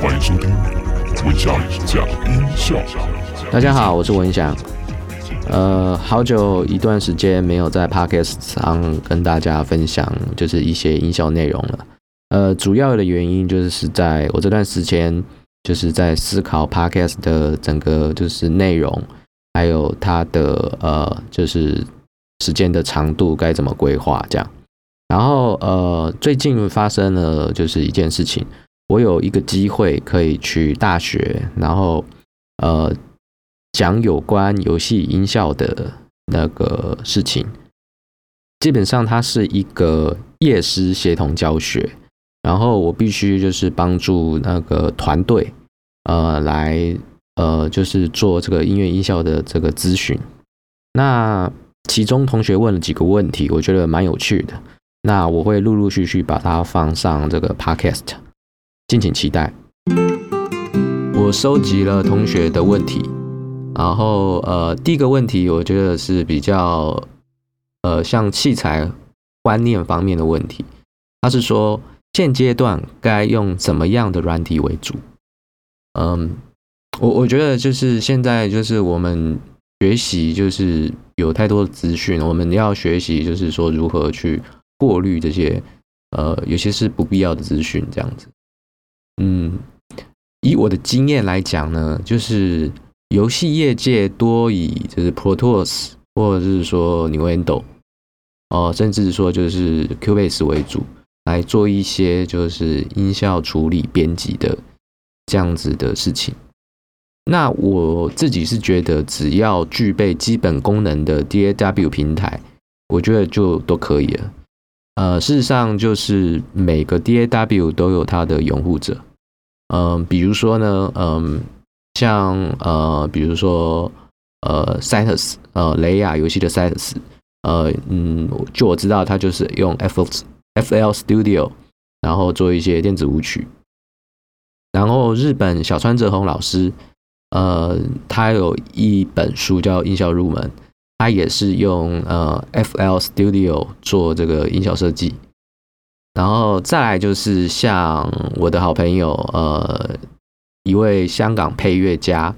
歡迎收聽文祥講音效。大家好，我是文祥。呃，好久一段時間沒有在 Podcast 上跟大家分享，就是一些音效內容了。呃，主要的原因就是在我這段時間，就是在思考 Podcast 的整個就是內容，還有它的呃，就是時間的長度該怎麼規劃這樣。然後呃，最近發生了就是一件事情。我有一個機會可以去大學，然後，呃，講有關遊戲音效的那個事情。基本上它是一個業師協同教學，然後我必須就是幫助那個團隊，呃，來，呃，就是做這個音樂音效的這個諮詢。那其中同學問了幾個問題，我覺得蠻有趣的。那我會陸陸續續把它放上這個 podcast。敬請期待。我收集了同學的問題，然後呃，第一個問題我覺得是比較呃，像器材觀念方面的問題。他是說現階段該用怎麼樣的軟體為主？嗯，我我覺得就是現在就是我們學習就是有太多的資訊，我們要學習就是說如何去過濾這些呃，有些是不必要的資訊這樣子。嗯，以我的經驗來講呢，就是遊戲業界多以就是 Pro Tools 或者是說 Nuendo 哦、呃，甚至說就是 Cubase 為主來做一些就是音效處理編輯的這樣子的事情。那我自己是覺得，只要具備基本功能的 DAW 平台，我覺得就都可以了。呃，事實上就是每個 DAW 都有它的擁護者。嗯、呃，比如說呢，嗯、呃，像呃，比如說呃，Cytus 呃，雷亞遊戲的 Cytus 呃，嗯，就我知道他就是用 FL Studio，然後做一些電子舞曲。然後日本小川哲弘老師，呃，他有一本書叫《音效入門》，他也是用呃 FL Studio 做這個音效設計。然後再來就是像我的好朋友，呃，一位香港配樂家，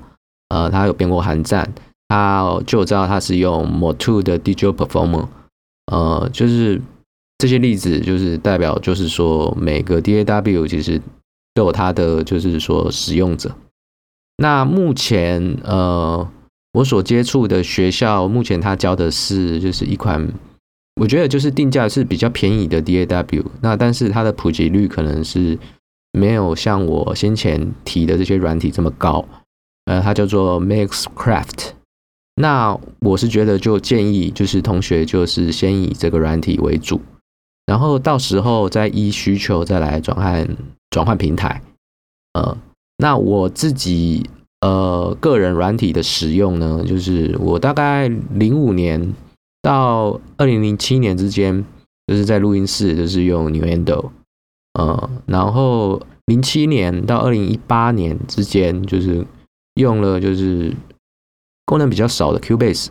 呃，他有編過《寒戰》他，他就知道他是用 Motu 的 Digital Performer，呃，就是這些例子就是代表，就是說每個 DAW 其實都有它的，就是說使用者。那目前，呃，我所接觸的學校目前他教的是就是一款。我覺得就是定價是比較便宜的 DAW，那但是它的普及率可能是沒有像我先前提的這些軟體這麼高。呃，它叫做 Mixcraft，那我是覺得就建議就是同學就是先以這個軟體為主，然後到時候再依需求再來轉換轉換平台。呃，那我自己呃個人軟體的使用呢，就是我大概零五年，到二零零七年之間，就是在錄音室就是用 Nuendo 呃，然後零七年到二零一八年之間，就是用了就是功能比較少的 Cubase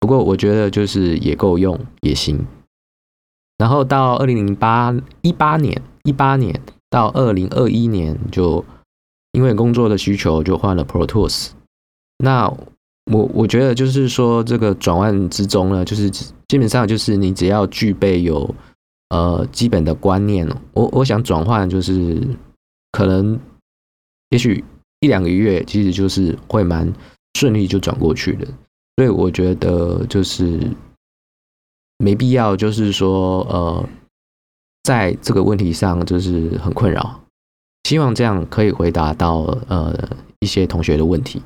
不過我覺得就是也夠用也行。然後到二零零八一八年一八年到二零二一年就因為工作的需求就換了 Pro Tools，那。我我覺得就是說，這個轉換之中呢，就是基本上就是你只要具備有呃基本的觀念，我我想轉換就是可能也許一兩個月，其實就是會蠻順利就轉過去的。所以我覺得就是沒必要，就是說呃在這個問題上就是很困擾。希望這樣可以回答到呃一些同學的問題。